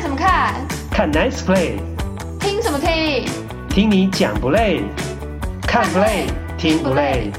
看什麼看？看 Nice Play。聽什麼聽？聽你講不累？看 Play 聽不累？不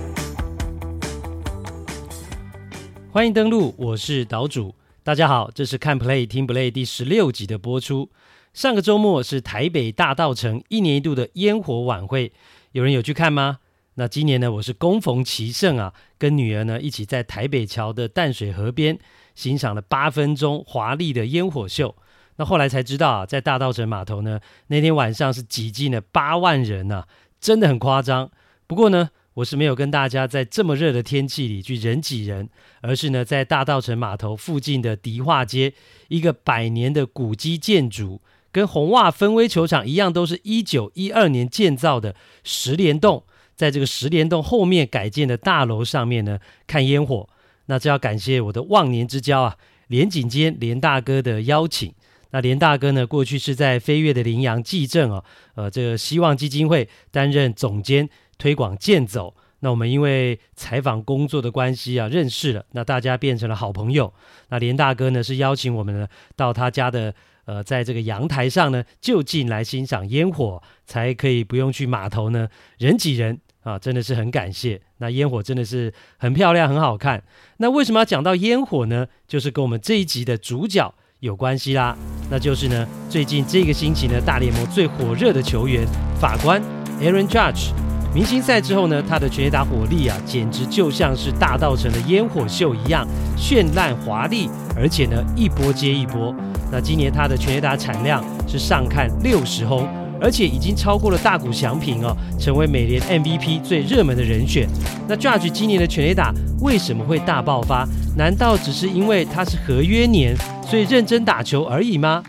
累歡迎登錄，我是島主，大家好，這是看 Play 聽 Play 第十六集的播出。上個週末是台北大稻埕一年一度的煙火晚會，有人有去看嗎？那今年呢，我是恭逢其盛啊，跟女兒呢一起在台北橋的淡水河邊欣賞了八分鐘華麗的煙火秀。那後來才知道啊，在大稻埕碼頭呢，那天晚上是擠進了八萬人吶、啊，真的很誇張。不過呢，我是沒有跟大家在這麼熱的天氣裡去人擠人，而是呢，在大稻埕碼頭附近的迪化街一個百年的古蹟建築，跟紅襪芬威球場一樣，都是一九一二年建造的十連棟，在這個十連棟後面改建的大樓上面呢，看煙火。那這要感謝我的忘年之交啊，連錦間連大哥的邀請。那連大哥呢，過去是在飛躍的羚羊紀政哦。呃，這個希望基金會擔任總監推廣健走。那我們因為採訪工作的關係啊，認識了。那大家變成了好朋友。那連大哥呢，是邀請我們呢到他家的，呃，在這個陽台上呢，就近來欣賞煙火，才可以不用去碼頭呢，人擠人啊，真的是很感謝。那煙火真的是很漂亮，很好看。那為什麼要講到煙火呢？就是跟我們這一集的主角有關係啦,那就是呢，最近這個星期呢，大聯盟最火熱的球員法官 Aaron Judge 明星賽之後呢，他的全壘打火力啊，簡直就像是大稻埕的煙火秀一樣絢爛華麗，而且呢，一波接一波。那今年他的全壘打產量是上看六十轟。而且已經超過了大谷翔平哦，成為美聯 MVP 最熱門的人選。那 Judge 今年的全壘打為什麼會大爆發？難道只是因為他是合約年，所以認真打球而已嗎？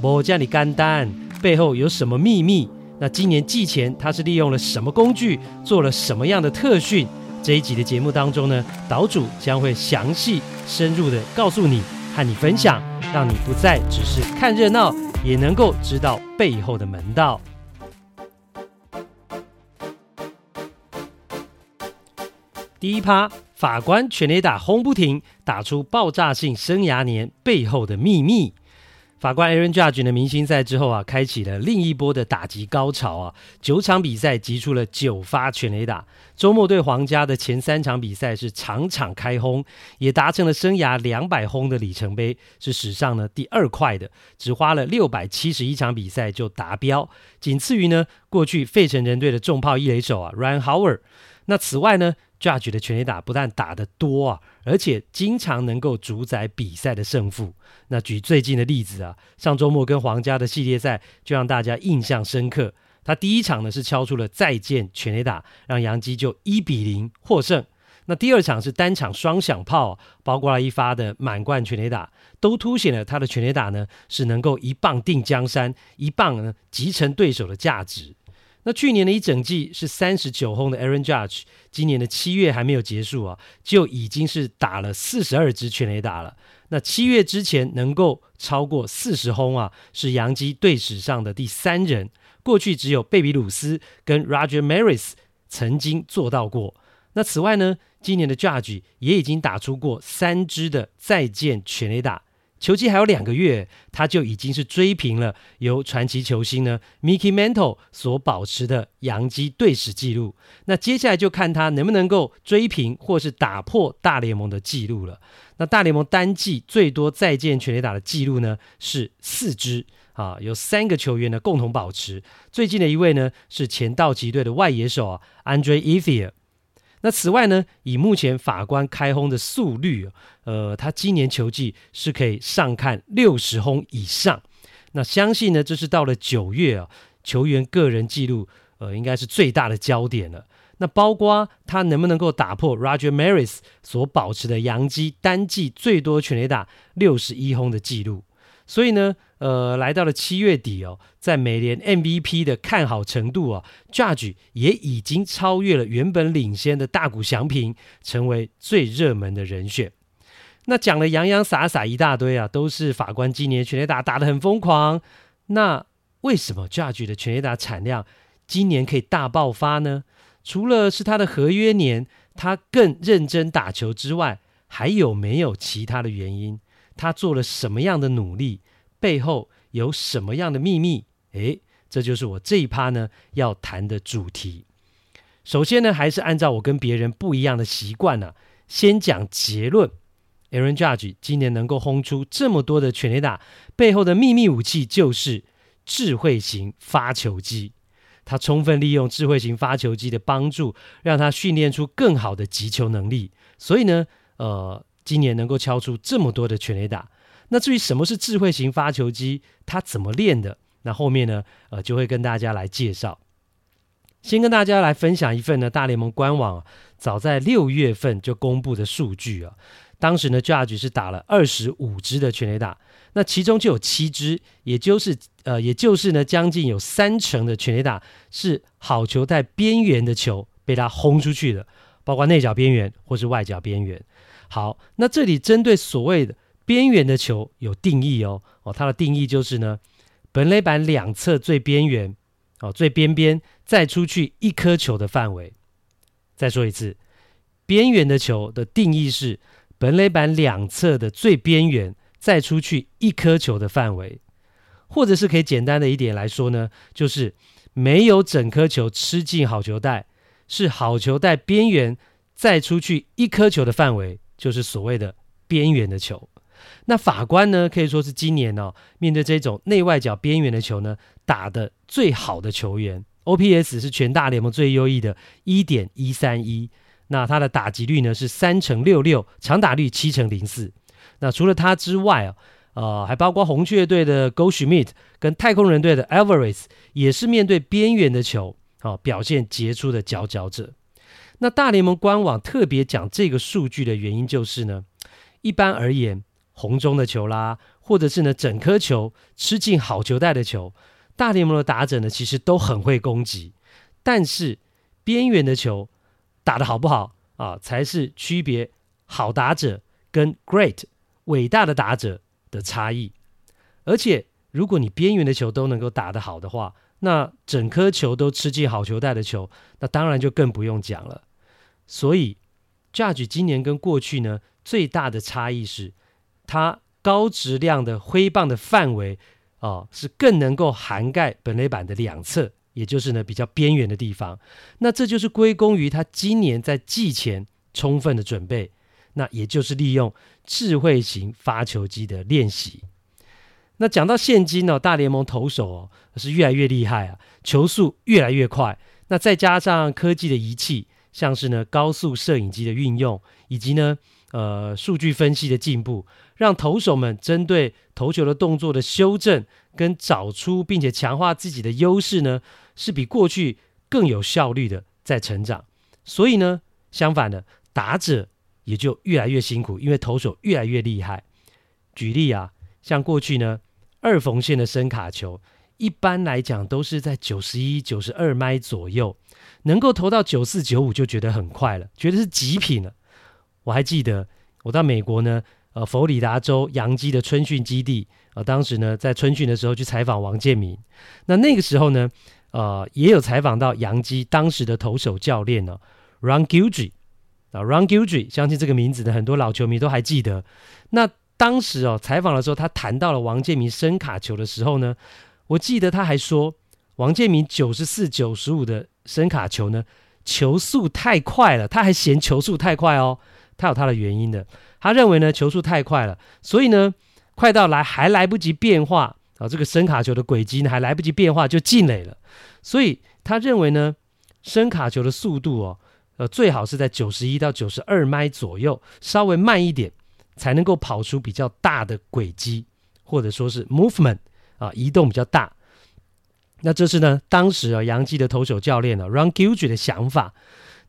莫家裡干丹背後有什麼秘密？那今年季前他是利用了什麼工具，做了什麼樣的特訓？這一集的節目當中呢，島主將會詳細深入地告訴你和你分享，讓你不再只是看熱鬧。也能夠知道背後的門道。第一趴，法官全壘打轟不停，打出爆炸性生涯年背後的秘密。法官 Aaron Judge 的明星賽之後啊，開啟了另一波的打擊高潮啊！九場比賽擊出了九發全壘打。周末對皇家的前三場比賽是場場開轟，也達成了生涯兩百轟的里程碑，是史上呢第二快的，只花了六百七十一場比賽就達標，僅次於呢過去費城人隊的重炮一壘手啊 Ryan Howard。那此外呢？Judge 的全壘打不但打得多啊，而且經常能夠主宰比賽的勝負。那舉最近的例子啊，上周末跟皇家的系列賽就讓大家印象深刻。他第一場呢是敲出了再見全壘打，讓楊基就一比零獲勝。那第二場是單場雙響炮啊，包括了一發的滿貫全壘打，都凸顯了他的全壘打呢是能夠一棒定江山，一棒呢擊沉對手的價值。那去年的一整季是三十九轟的 Aaron Judge，今年的七月還沒有結束啊，就已經是打了四十二支全壘打了。那七月之前能夠超過四十轟啊，是洋基隊史上的第三人，過去只有貝比魯斯跟 Roger Maris 曾經做到過。那此外呢，今年的 Judge 也已經打出過三支的再見全壘打。球季還有兩個月，他就已經是追平了由傳奇球星呢 Mickey Mantle 所保持的洋基隊史紀錄。那接下來就看他能不能夠追平或是打破大聯盟的紀錄了。那大聯盟單季最多再見全壘打的紀錄呢，是四支啊，有三個球員呢共同保持。最近的一位呢，是前道奇隊的外野手啊 Andre Ethier。And 那此外呢，以目前法官開轟的速率，呃，他今年球季是可以上看六十轟以上。那相信呢，這是到了九月啊，球員個人紀錄，呃，應該是最大的焦點了。那包括他能不能夠打破 Roger Maris 所保持的洋基單季最多全壘打六十一轟的紀錄。所以呢，呃，來到了七月底哦，在美聯 MVP 的看好程度哦，Judge 也已經超越了原本領先的大谷翔平，成為最熱門的人選。那講了洋洋灑灑，灑一大堆啊，都是法官今年全壘打打得很瘋狂。那為什麼 Judge 的全壘打產量今年可以大爆發呢？除了是他的合約年，他更認真打球之外，還有沒有其他的原因？他做了什麼樣的努力？背後有什麼樣的秘密？誒，這就是我這一趴呢要談的主題。首先呢，還是按照我跟別人不一樣的習慣呢，啊，先講結論。Aaron Judge 今年能夠轟出這麼多的全壘打，背後的秘密武器就是智慧型發球機。他充分利用智慧型發球機的幫助，讓他訓練出更好的擊球能力。所以呢，呃。今年能夠敲出這麼多的全壘打，那至於什麼是智慧型發球機，它怎麼練的，那後面呢，呃，就會跟大家來介紹。先跟大家來分享一份呢，大聯盟官網啊，早在六月份就公布的數據啊，當時呢，Judge 是打了二十五支的全壘打，那其中就有七支，也就是呃，也就是呢，將近有三成的全壘打是好球在邊緣的球被他轟出去的，包括內角邊緣或是外角邊緣。好，那這裡針對所謂的邊緣的球有定義哦。哦，它的定義就是呢，本壘板兩側最邊緣，哦，最邊邊再出去一顆球的範圍。再說一次，邊緣的球的定義是本壘板兩側的最邊緣再出去一顆球的範圍，或者是可以簡單的一點來說呢，就是沒有整顆球吃進好球帶，是好球帶邊緣再出去一顆球的範圍。就是所謂的邊緣的球，那法官呢可以說是今年哦，面對這種內外角邊緣的球呢，打得最好的球員，OPS 是全大聯盟最優異的一點一三一。那他的打擊率呢是三成六六，長打率七成零四。那除了他之外啊、哦，呃還包括紅雀隊的 Goldschmidt 跟太空人隊的 Alvarez 也是面對邊緣的球啊、哦、表現傑出的佼佼者。那大聯盟官網特別講這個數據的原因就是呢，一般而言，紅中的球啦，或者是呢整顆球吃進好球帶的球，大聯盟的打者呢其實都很會攻擊，但是邊緣的球打得好不好啊，才是區別好打者跟 great 偉大的打者的差異。而且如果你邊緣的球都能夠打得好的話，那整顆球都吃進好球帶的球，那當然就更不用講了。所以，Judge 今年跟過去呢最大的差異是，他高質量的揮棒的範圍哦，是更能夠涵蓋本壘板的兩側，也就是呢比較邊緣的地方。那這就是歸功於他今年在季前充分的準備，那也就是利用智慧型發球機的練習。那講到現今哦，大聯盟投手哦是越來越厲害啊，球速越來越快，那再加上科技的儀器。像是呢高速攝影機的運用，以及呢呃數據分析的進步，讓投手們針對投球的動作的修正跟找出，並且強化自己的優勢呢，是比過去更有效率的在成長。所以呢，相反的，打者也就越來越辛苦，因為投手越來越厲害。舉例啊，像過去呢二縫線的伸卡球。一般來講都是在九十一、九十二邁左右，能夠投到九四、九五就覺得很快了，覺得是極品了。我還記得我到美國呢，呃，佛羅里達州洋基的春訓基地，呃，當時呢，在春訓的時候去採訪王建民，那那個時候呢，呃，也有採訪到洋基當時的投手教練呢，哦，Ron Guidry，啊，Ron Guidry，相信這個名字呢，很多老球迷都還記得。那當時哦，採訪的時候他談到了王建民伸卡球的時候呢。我記得他還說，王建民九十四、九十五的伸卡球呢，球速太快了，他還嫌球速太快哦，他有他的原因的。他認為呢，球速太快了，所以呢，快到來還來不及變化啊，這個伸卡球的軌跡呢還來不及變化就進壘了。所以他認為呢，伸卡球的速度哦，呃，最好是在九十一到九十二邁左右，稍微慢一點，才能夠跑出比較大的軌跡，或者說是 movement。啊，移動比較大。那這是呢，當時啊，洋基的投手教練呢、啊，Ron Guidry 的的想法。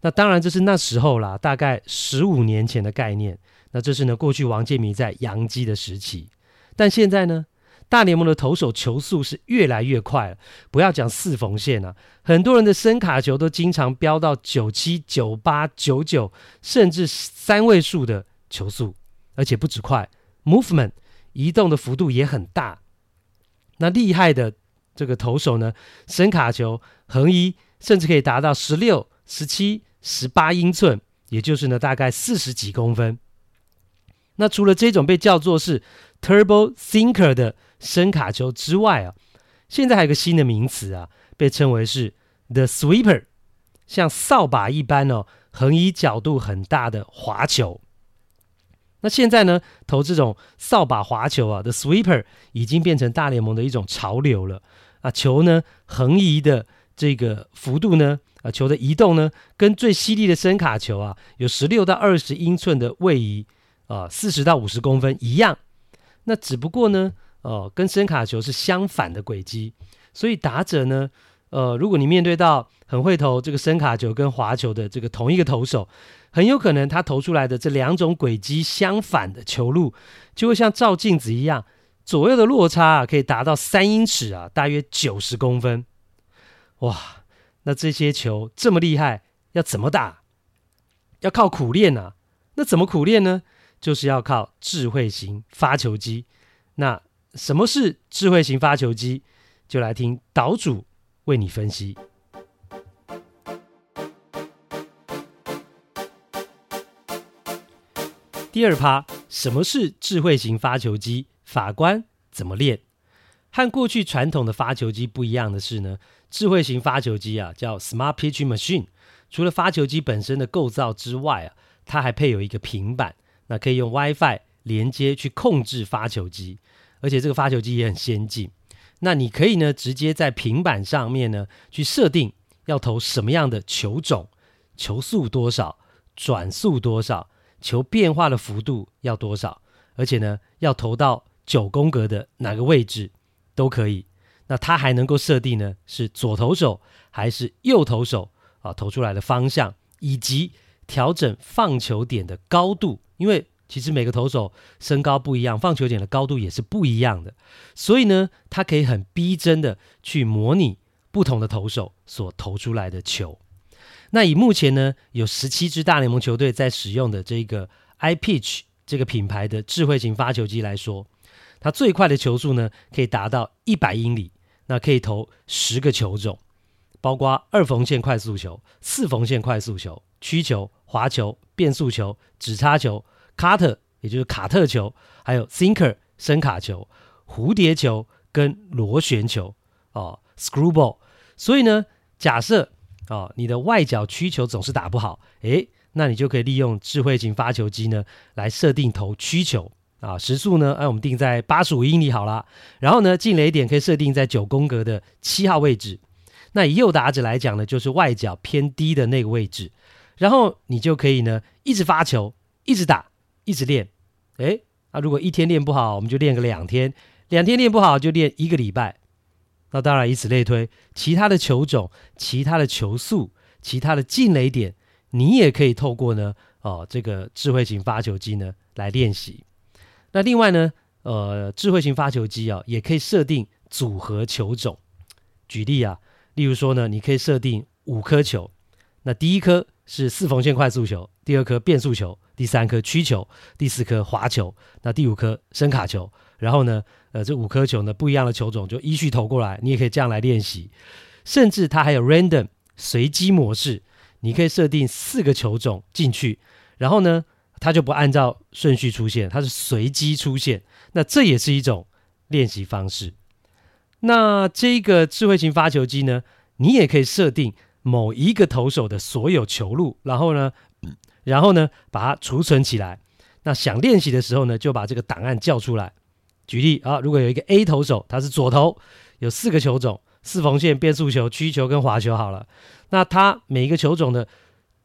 那當然這是那時候啦，大概十五年前的概念。那這是呢，過去王建民在洋基的時期。但現在呢，大聯盟的投手球速是越來越快了。不要講四縫線了、啊，很多人的伸卡球都經常飆到九七、九八、九九，甚至三位數的球速，而且不止快，movement 移動的幅度也很大。那厲害的這個投手呢，伸卡球橫移甚至可以達到十六、十七、十八英寸，也就是呢大概四十幾公分。那除了這種被叫做是 turbo sinker 的伸卡球之外啊，現在還有個新的名詞啊，被稱為是 the sweeper，像掃把一般哦，橫移角度很大的滑球。那現在呢，投這種掃把滑球啊的 sweeper 已經變成大聯盟的一種潮流了啊！球呢橫移的這個幅度呢，啊球的移動呢，跟最犀利的伸卡球啊有十六到二十英寸的位移啊，四十到五十公分一樣。那只不過呢，哦、啊，跟伸卡球是相反的軌跡，所以打者呢，呃，如果你面對到很會投這個伸卡球跟滑球的這個同一個投手。很有可能他投出來的這兩種軌跡相反的球路，就會像照鏡子一樣，左右的落差啊，可以達到三英尺啊，大約九十公分。哇，那這些球這麼厲害，要怎麼打？要靠苦練啊。那怎麼苦練呢？就是要靠智慧型發球機。那什麼是智慧型發球機？就來聽島主為你分析。第二趴，什麼是智慧型發球機？法官怎麼練？和過去傳統的發球機不一樣的是呢，智慧型發球機啊叫 Smart Pitch Machine。除了發球機本身的構造之外啊，它還配有一個平板，那可以用 WiFi 連接去控制發球機，而且這個發球機也很先進。那你可以呢，直接在平板上面呢去設定要投什麼樣的球種、球速多少、轉速多少。球變化的幅度要多少？而且呢，要投到九宮格的哪個位置都可以。那它還能夠設定呢，是左投手還是右投手啊，投出來的方向以及調整放球點的高度，因為其實每個投手身高不一樣，放球點的高度也是不一樣的。所以呢，它可以很逼真的去模擬不同的投手所投出來的球。那以目前呢，有十七支大聯盟球隊在使用的這個 iPitch 這個品牌的智慧型發球機來說，它最快的球速呢可以達到一百英里，那可以投十個球種，包括二縫線快速球、四縫線快速球、曲球、滑球、變速球、指叉球、卡特，也就是卡特球，還有 Sinker 深卡球、蝴蝶球跟螺旋球哦 Screwball。所以呢，假設。哦，你的外角曲球總是打不好，誒，那你就可以利用智慧型發球機呢，來設定投曲球啊、哦，時速呢，哎、啊，我們定在八十五英里好了，然後呢，進壘點可以設定在九宮格的七號位置，那以右打者來講呢，就是外角偏低的那個位置，然後你就可以呢，一直發球，一直打，一直練，誒，啊，如果一天練不好，我們就練個兩天，兩天練不好就練一個禮拜。那當然，以此類推，其他的球種、其他的球速、其他的進壘點，你也可以透過呢，哦，這個智慧型發球機呢來練習。那另外呢，呃，智慧型發球機啊，也可以設定組合球種。舉例啊，例如說呢，你可以設定五顆球，那第一顆是四縫線快速球，第二顆變速球，第三顆曲球，第四顆滑球，那第五顆伸卡球。然後呢，呃，這五顆球呢，不一樣的球種就依序投過來。你也可以這樣來練習，甚至它還有 random 隨機模式，你可以設定四個球種進去，然後呢，它就不按照順序出現，它是隨機出現。那這也是一種練習方式。那這個智慧型發球機呢，你也可以設定某一個投手的所有球路，然後呢，然後呢，把它儲存起來。那想練習的時候呢，就把這個檔案叫出來。舉例啊，如果有一個 A 投手，他是左投，有四個球種：四縫線、變速球、曲球跟滑球。好了，那他每一個球種的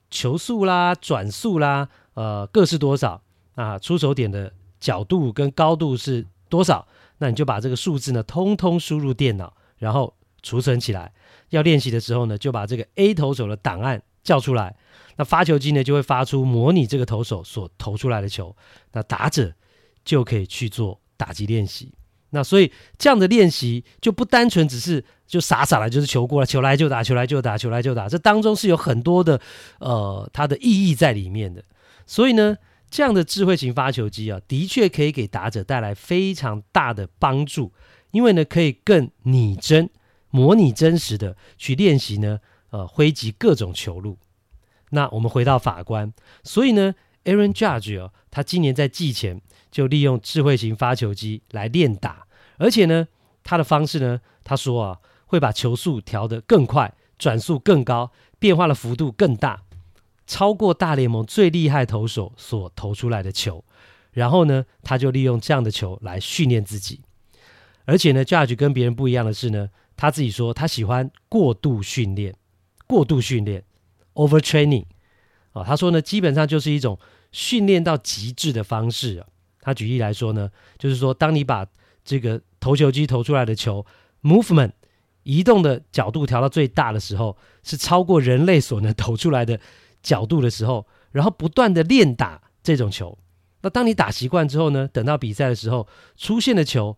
球速啦、轉速啦，呃，各是多少？啊，出手點的角度跟高度是多少？那你就把這個數字呢，通通輸入電腦，然後儲存起來。要練習的時候呢，就把這個 A 投手的檔案叫出來，那發球機呢就會發出模擬這個投手所投出來的球，那打者就可以去做。打擊練習，那所以這樣的練習就不單純只是就傻傻的，就是球過來，球來就打，球來就打，球來就打，這當中是有很多的呃它，的意義在裡面的。所以呢，這樣的智慧型發球機啊，的確可以給打者帶來非常大的幫助，因為呢可以更擬真、模擬真實的去練習呢，呃，揮擊各種球路。那我們回到法官，所以呢。Aaron Judge，哦，他今年在季前就利用智慧型發球機來練打，而且呢，他的方式呢，他說啊，會把球速調得更快，轉速更高，變化的幅度更大，超過大聯盟最厲害投手所投出來的球。然後呢，他就利用這樣的球來訓練自己。而且呢，Judge 跟別人不一樣的是呢，他自己說他喜歡過度訓練，過度訓練 （overtraining） 啊，哦，他說呢，基本上就是一種。訓練到極致的方式啊，他舉例來說呢，就是說，當你把這個投球機投出來的球 movement 移動的角度調到最大的時候，是超過人類所能投出來的角度的時候，然後不斷的練打這種球。那當你打習慣之後呢，等到比賽的時候出現的球，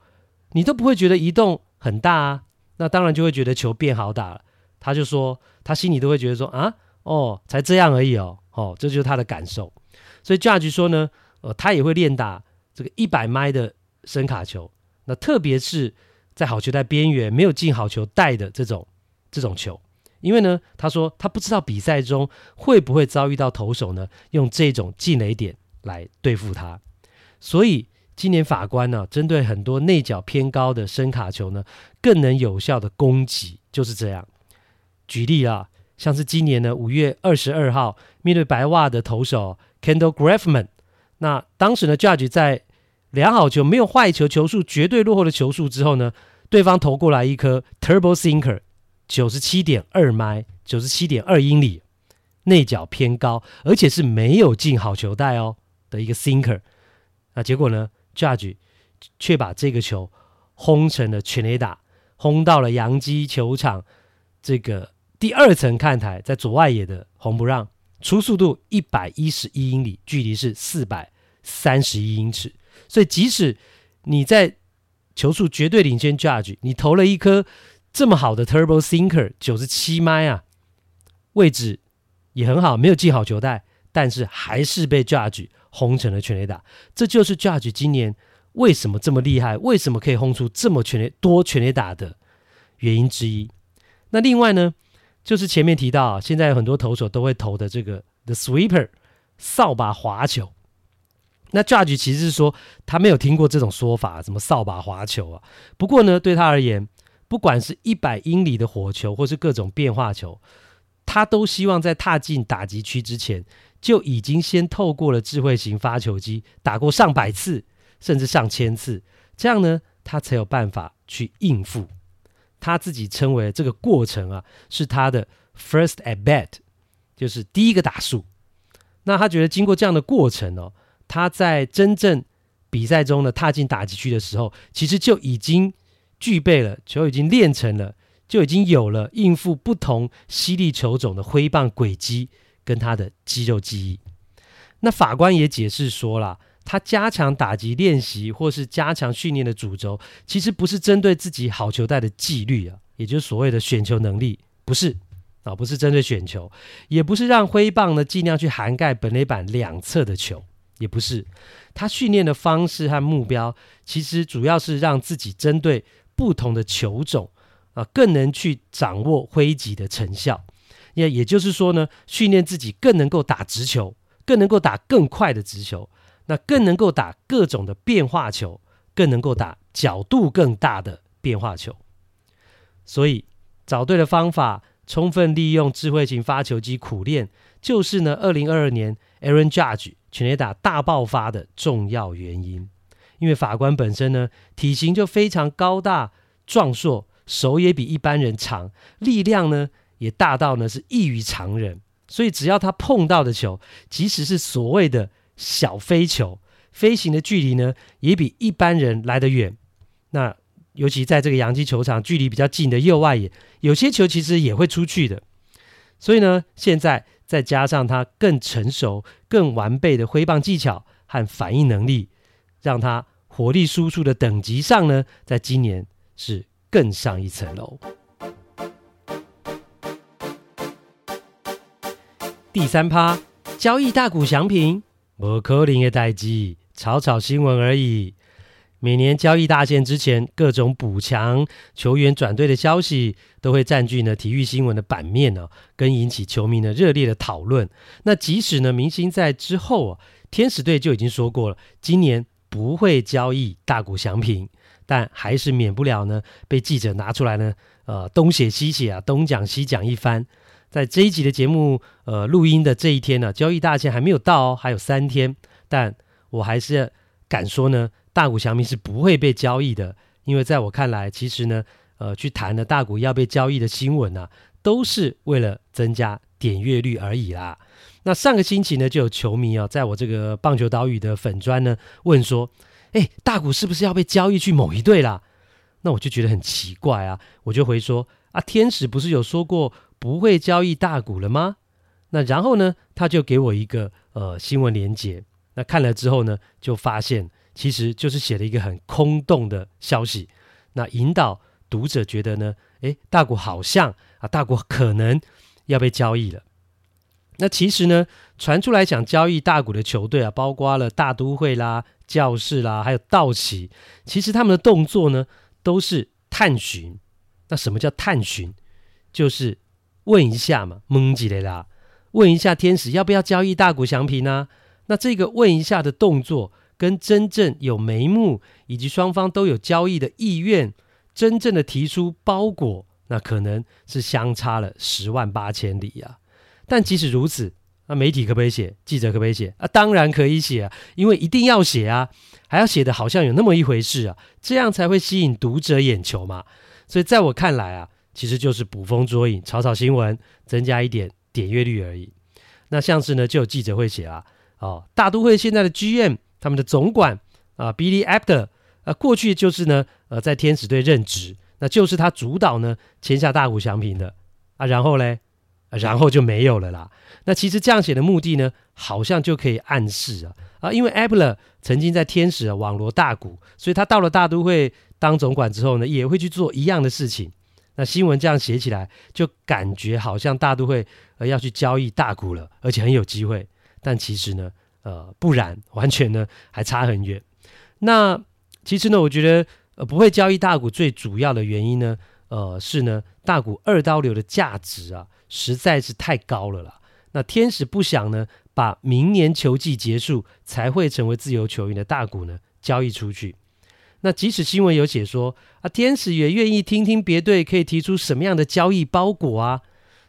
你都不會覺得移動很大啊，那當然就會覺得球變好打了。他就說，他心裡都會覺得說啊，哦，才這樣而已哦，哦，這就是他的感受。所以 Judge 說呢，呃，他也會練打這個一百邁的伸卡球，那特別是，在好球帶邊緣沒有進好球帶的這種這種球，因為呢，他說他不知道比賽中會不會遭遇到投手呢，用這種進壘點來對付他，所以今年法官呢、啊，針對很多內角偏高的伸卡球呢，更能有效的攻擊，就是這樣。舉例啊，像是今年的五月二十二號，面對白襪的投手、啊。Kendall Graveman，那當時呢，Judge 在兩好球、沒有壞球、球數絕對落後的球數之後呢，對方投過來一顆 Turbo Sinker，九十七點二邁，九十七點二英里，內角偏高，而且是沒有進好球帶哦的一個 Sinker。那結果呢，Judge 卻把這個球轟成了全壘打，轟到了洋基球場這個第二層看台，在左外野的紅不讓。初速度一百一十一英里，距離是四百三十一英尺，所以即使你在球速絕對領先 Judge，你投了一顆這麼好的 Turbo Sinker 九十七、ah，邁啊，位置也很好，沒有進好球帶，但是還是被 Judge 轟成了全壘打。這就是 Judge 今年為什麼這麼厲害，為什麼可以轟出這麼全壘多全壘打的原因之一。那另外呢？就是前面提到啊，現在有很多投手都會投的這個 the sweeper 掃把滑球。那 Judge 其實是說他沒有聽過這種說法，什麼掃把滑球啊？不過呢，對他而言，不管是一百英里的火球，或是各種變化球，他都希望在踏進打擊區之前，就已經先透過了智慧型發球機打過上百次，甚至上千次，這樣呢，他才有辦法去應付。他自己稱為這個過程啊，是他的 first at bat，就是第一個打數。那他覺得經過這樣的過程哦，他在真正比賽中呢，踏進打擊區的時候，其實就已經具備了，球已經練成了，就已經有了應付不同犀利球種的揮棒軌跡跟他的肌肉記憶。那法官也解釋說啦。他加強打擊練習或是加強訓練的主軸，其實不是針對自己好球帶的紀律啊，也就是所謂的選球能力，不是啊，不是針對選球，也不是讓揮棒呢盡量去涵蓋本壘板兩側的球，也不是。他訓練的方式和目標，其實主要是讓自己針對不同的球種啊，更能去掌握揮擊的成效。也也就是說呢，訓練自己更能夠打直球，更能夠打更快的直球。那更能夠打各種的變化球，更能夠打角度更大的變化球。所以，找對的方法，充分利用智慧型發球機苦練，就是呢，二零二二年 Aaron Judge 全壘打大爆發的重要原因。因為法官本身呢，體型就非常高大壯碩，手也比一般人長，力量呢也大到呢是異於常人。所以，只要他碰到的球，即使是所謂的。小飛球飛行的距離呢，也比一般人來得遠。那尤其在這個洋基球場，距離比較近的右外野，有些球其實也會出去的。所以呢，現在再加上它更成熟、更完備的揮棒技巧和反應能力，讓它火力輸出的等級上呢，在今年是更上一層樓。第三趴，交易大谷翔平。我可能的代誌，炒炒新聞而已。每年交易大限之前，各種補強球員轉隊的消息，都會佔據呢體育新聞的版面、哦、跟引起球迷的熱烈的討論。那即使呢明星在之後啊、哦，天使隊就已經說過了，今年不會交易大谷翔平，但還是免不了呢被記者拿出來呢，呃東寫西寫啊，東講西講一番。在這一集的節目，呃，錄音的這一天呢、啊，交易大限還沒有到哦，還有三天。但我還是敢說呢，大谷翔平是不會被交易的，因為在我看來，其實呢，呃，去談的大谷要被交易的新聞啊，都是為了增加點閱率而已啦。那上個星期呢，就有球迷啊，在我這個棒球島嶼的粉專呢，問說，哎、欸，大谷是不是要被交易去某一隊啦？那我就覺得很奇怪啊，我就回說，啊，天使不是有說過？不會交易大谷了嗎？那然後呢，他就給我一個呃新聞連結。那看了之後呢，就發現其實就是寫了一個很空洞的消息。那引導讀者覺得呢，誒，大谷好像啊，大谷可能要被交易了。那其實呢，傳出來想交易大谷的球隊啊，包括了大都會啦、教士啦，還有道奇。其實他們的動作呢，都是探尋。那什麼叫探尋？就是。問一下嘛，懵起來啦，問一下天使要不要交易大谷翔平呢？那這個問一下的動作，跟真正有眉目以及雙方都有交易的意願，真正的提出包裹，那可能是相差了十萬八千里呀。啊，但即使如此，那媒體可不可以寫？記者可不可以寫？啊，當然可以寫啊，因為一定要寫啊，還要寫的好像有那麼一回事啊，這樣才會吸引讀者眼球嘛。所以在我看來啊。其實就是捕風捉影，炒炒新聞，增加一點點閱率而已。那像是呢，就有記者會寫啦，啊，哦，大都會現在的 GM 他們的總管啊，Billy Eppler 啊，過去就是呢，呃，在天使隊任職，那就是他主導呢簽下大谷翔平的啊。然後嘞，啊，然後就沒有了啦。那其實這樣寫的目的呢，好像就可以暗示啊，啊，因為 Eppler 曾經在天使，啊，網羅大谷，所以他到了大都會當總管之後呢，也會去做一樣的事情。那新聞這樣寫起來，就感覺好像大都會呃要去交易大谷了，而且很有機會。但其實呢，呃，不然完全呢還差很遠。那其實呢，我覺得呃不會交易大谷最主要的原因呢，呃是呢大谷二刀流的價值啊實在是太高了啦。那天使不想呢把明年球季結束才會成為自由球員的大谷呢交易出去。那即使新聞有寫說啊，天使也願意聽聽別隊可以提出什麼樣的交易包裹啊，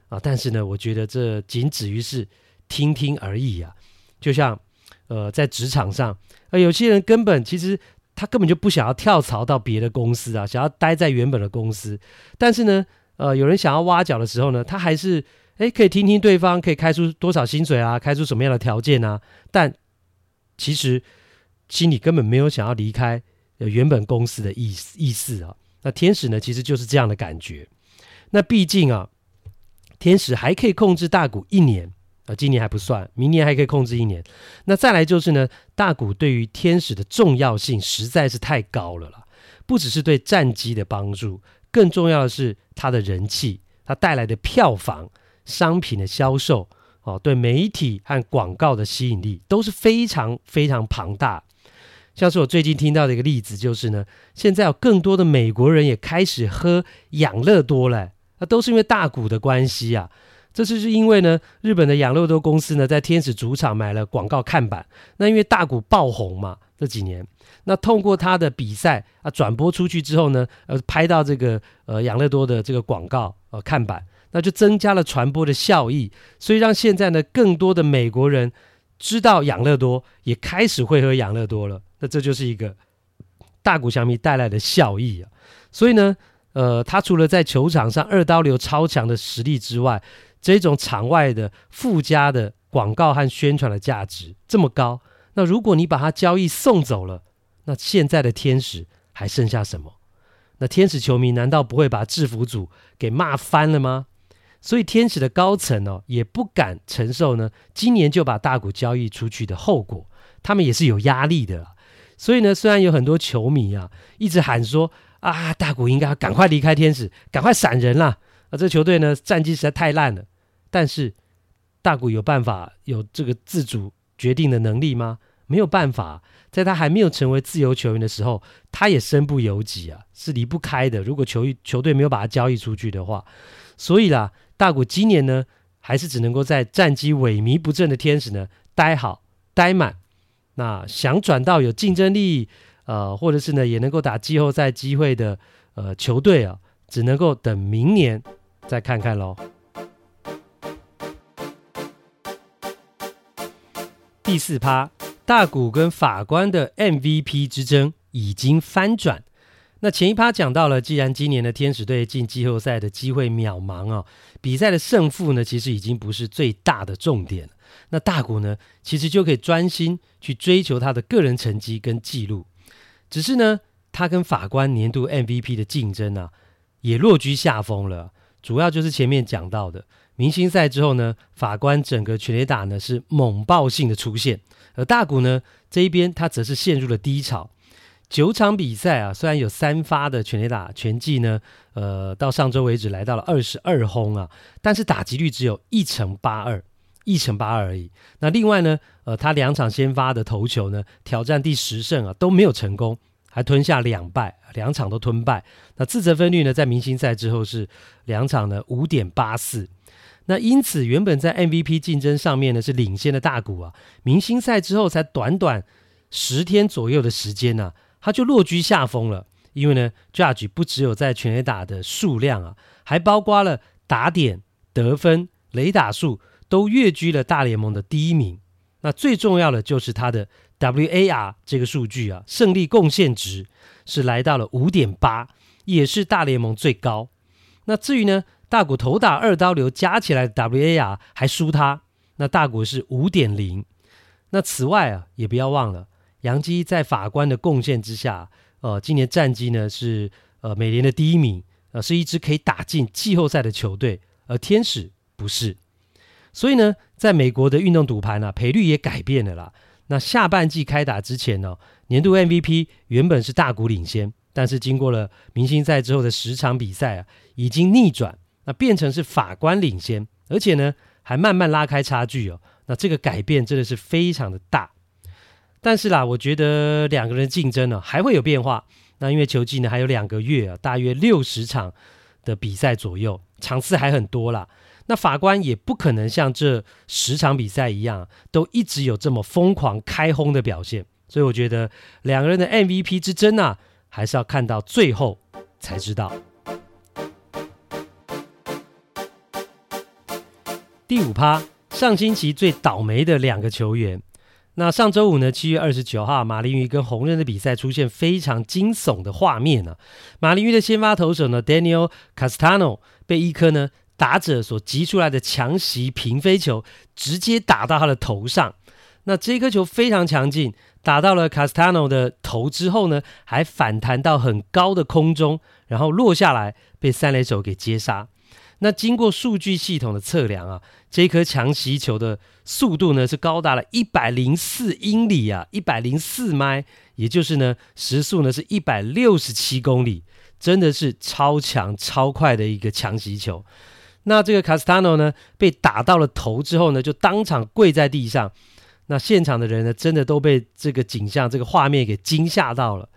啊，但是呢，我覺得這僅止於是聽聽而已啊。就像，呃，在職場上，呃，有些人根本其實他根本就不想要跳槽到別的公司啊，想要待在原本的公司。但是呢，呃，有人想要挖角的時候呢，他還是，哎，欸，可以聽聽對方可以開出多少薪水啊，開出什麼樣的條件啊。但其實心裡根本沒有想要離開。有原本公司的意思意思啊，那天使呢，其實就是這樣的感覺。那畢竟啊，天使還可以控制大谷一年啊，今年還不算，明年還可以控制一年。那再來就是呢，大谷對於天使的重要性實在是太高了啦，不只是對戰績的幫助，更重要的是它的人氣，它帶來的票房、商品的銷售哦、啊，對媒體和廣告的吸引力都是非常非常龐大。像是我最近聽到的一個例子，就是呢，現在有更多的美國人也開始喝養樂多了，那都是因為大谷的關係啊。這次是因為呢，日本的養樂多公司呢，在天使主場買了廣告看板。那因為大谷爆紅嘛，這幾年，那通過他的比賽啊，轉播出去之後呢，呃，拍到這個呃養樂多的這個廣告呃看板，那就增加了傳播的效益，所以讓現在呢，更多的美國人知道養樂多，也開始會喝養樂多了。那這就是一個大谷小米帶來的效益啊！所以呢，呃，他除了在球場上二刀流超強的實力之外，這種場外的附加的廣告和宣傳的價值這麼高，那如果你把他交易送走了，那現在的天使還剩下什麼？那天使球迷難道不會把制服組給罵翻了嗎？所以天使的高層哦也不敢承受呢，今年就把大谷交易出去的後果，他們也是有壓力的。所以呢，雖然有很多球迷啊一直喊說啊，大谷應該趕快離開天使，趕快閃人啦，啊，這球隊呢戰績實在太爛了。但是大谷有辦法有這個自主決定的能力嗎？沒有辦法啊，在他還沒有成為自由球員的時候，他也身不由己啊，是離不開的。如果球球隊沒有把他交易出去的話，所以啦，大谷今年呢還是只能夠在戰績萎靡不振的天使呢待好待滿。那想轉到有競爭力，呃，或者是呢也能夠打季後賽機會的呃球隊啊、哦，只能夠等明年再看看嘍。第四趴，大谷跟法官的 MVP 之爭已經翻轉。那前一趴講到了，既然今年的天使隊進季後賽的機會渺茫啊、哦，比賽的勝負呢，其實已經不是最大的重點了。那大谷呢，其實就可以專心去追求他的個人成績跟紀錄，只是呢，他跟法官年度 MVP 的競爭啊，也落居下風了。主要就是前面講到的明星賽之後呢，法官整個全壘打呢是猛爆性的出現，而大谷呢這一邊他則是陷入了低潮。九場比賽啊，雖然有三發的全壘打，全季呢，呃，到上周為止來到了二十二轟啊，但是打擊率只有一成八二。一成八而已。那另外呢，呃，他兩場先發的投球呢，挑戰第十勝啊都沒有成功，還吞下兩敗，兩場都吞敗。那自責分率呢，在明星賽之後是兩場呢五點八四。那因此，原本在 MVP 競爭上面呢是領先的大谷啊，明星賽之後才短短十天左右的時間呢、啊，他就落居下風了。因為呢，Judge 不只有在全壘打的數量啊，還包括了打點、得分、壘打數，都躍居了大聯盟的第一名。那最重要的就是他的 WAR 這個數據啊，勝利貢獻值是來到了五點八，也是大聯盟最高。那至於呢，大谷投打二刀流加起來的 WAR 還輸他，那大谷是五點零。那此外啊，也不要忘了楊基在法官的貢獻之下，呃，今年戰績呢是呃美聯的第一名，呃，是一支可以打進季後賽的球隊，而天使不是。所以呢，在美國的運動賭盤呢，賠率也改變了啦。那下半季開打之前呢、哦，年度 MVP 原本是大谷領先，但是經過了明星賽之後的十場比賽啊，已經逆轉，那變成是法官領先，而且呢，還慢慢拉開差距哦。那這個改變真的是非常的大。但是啦，我覺得兩個人競爭呢、啊，還會有變化。那因為球季呢，還有兩個月啊，大約六十場的比賽左右，場次還很多了。那法官也不可能像這十場比賽一樣啊，都一直有這麼瘋狂開轟的表現，所以我覺得兩個人的 MVP 之爭啊，還是要看到最後才知道。第五趴，上星期最倒霉的兩個球員。那上周五呢，七月二十九號，馬林魚跟紅人的比賽出現非常驚悚的畫面呢啊。馬林魚的先發投手呢，Daniel Castano 被一顆呢。打者所擊出來的強襲平飛球，直接打到他的頭上。那這顆球非常強勁，打到了 Castano 的頭之後呢，還反彈到很高的空中，然後落下來被三壘手給接殺。那經過數據系統的測量啊，這顆強襲球的速度呢是高達了一百零四英里啊，一百零四邁，也就是呢時速呢是一百六十七公里，真的是超強超快的一個強襲球。那這個卡斯塔諾呢，被打到了頭之後呢，就當場跪在地上。那現場的人呢，真的都被這個景象、這個畫面給驚嚇到了。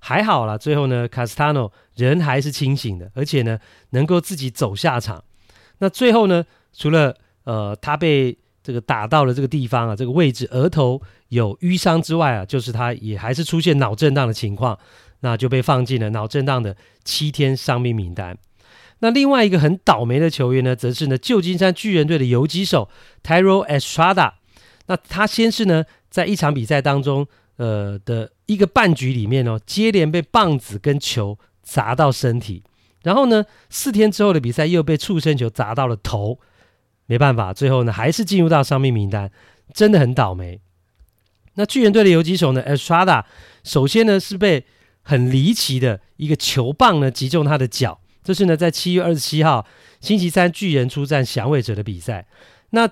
還好啦，最後呢，卡斯塔諾人還是清醒的，而且呢，能夠自己走下場。那最後呢，除了呃他被這個打到了這個地方啊，這個位置額頭有淤傷之外啊，就是他也還是出現腦震盪的情況，那就被放進了腦震盪的七天傷兵名單。那另外一個很倒霉的球員呢，則是呢舊金山巨人隊的游擊手 Thairo Estrada。那他先是呢在一場比賽當中，呃的一個半局裡面哦，接連被棒子跟球砸到身體，然後呢四天之後的比賽又被觸身球砸到了頭，沒辦法，最後呢還是進入到傷病名單，真的很倒霉。那巨人隊的游擊手呢 Estrada，首先呢是被很離奇的一個球棒呢擊中他的腳。這是呢，在七月二十七號，星期三巨人出戰響尾蛇的比賽。那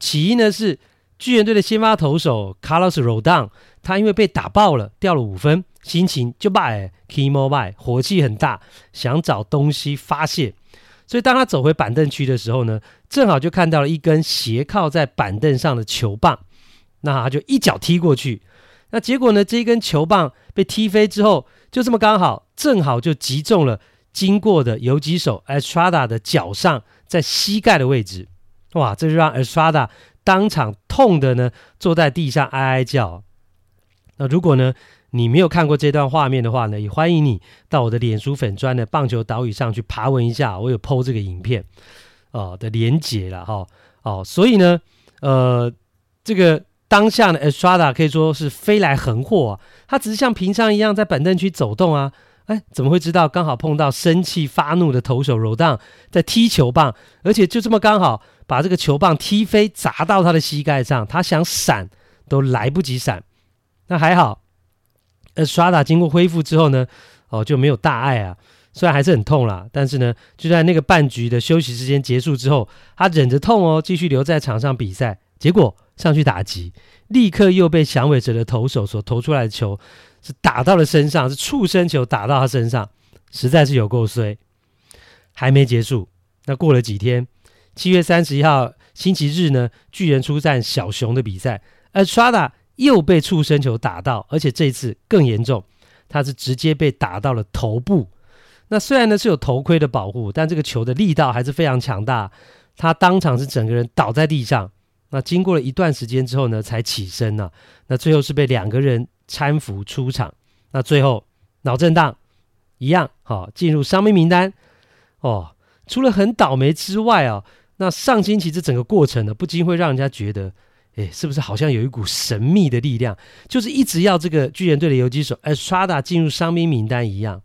起因呢是巨人隊的先發投手 Carlos Rodón，他因為被打爆了，掉了五分，心情就 bad，kimo bad，火氣很大，想找東西發洩。所以當他走回板凳區的時候呢，正好就看到了一根斜靠在板凳上的球棒，那他就一腳踢過去。那結果呢，這一根球棒被踢飛之後，就這麼剛好，正好就擊中了。經過的游擊手 Estrada 的腳上，在膝蓋的位置，哇！這讓 Estrada 當場痛得呢，坐在地上哀哀叫。那如果呢，你沒有看過這段畫面的話呢，也歡迎你到我的臉書粉專的棒球島嶼上去爬文一下，我有 PO 這個影片，哦，的連結了哈。哦，所以呢，呃，這個當下呢，Estrada 可以說是飛來橫禍啊，它只是像平常一樣在板凳區走動啊。哎，怎麼會知道？剛好碰到生氣發怒的投手柔蕩在踢球棒，而且就這麼剛好把這個球棒踢飛，砸到他的膝蓋上。他想閃都來不及閃。那還好，呃，刷打經過恢復之後呢，哦，就沒有大礙啊。雖然還是很痛啦，但是呢，就在那個半局的休息時間結束之後，他忍着痛哦，繼續留在場上比賽。結果上去打擊，立刻又被響尾蛇的投手所投出來的球。是打到了身上，是觸身球打到他身上，實在是有夠衰。還沒結束，那過了幾天，七月三十一號星期日呢，巨人出戰小熊的比賽，而 Estrada 又被觸身球打到，而且這次更嚴重，他是直接被打到了頭部。那雖然呢是有頭盔的保護，但這個球的力道還是非常強大，他當場是整個人倒在地上。那經過了一段時間之後呢，才起身了啊。那最後是被兩個人。攙扶出場，那最後腦震盪一樣，好、哦、進入傷兵名單。哦，除了很倒霉之外哦，那上星期這整個過程呢，不禁會讓人家覺得，哎、欸，是不是好像有一股神秘的力量，就是一直要這個巨人隊的游擊手埃斯卡達進入傷兵名單一樣，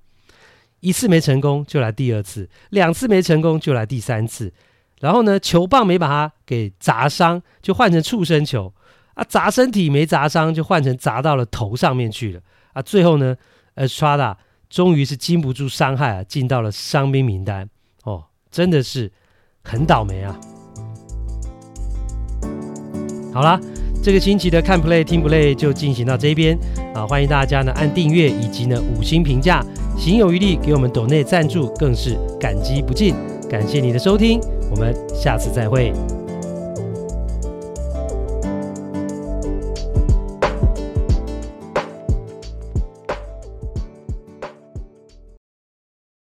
一次沒成功就來第二次，兩次沒成功就來第三次，然後呢，球棒沒把他給砸傷，就換成觸身球。啊！砸身體沒砸傷，就換成砸到了頭上面去了啊！最後呢，Estrada 終於是經不住傷害啊，進到了傷兵名單哦，真的是很倒霉啊！好啦，這個星期的看 Play 聽 Play 就進行到這邊啊！歡迎大家呢按訂閱以及呢五星評價，行有餘力給我們抖內贊助更是感激不盡，感謝你的收聽，我們下次再會。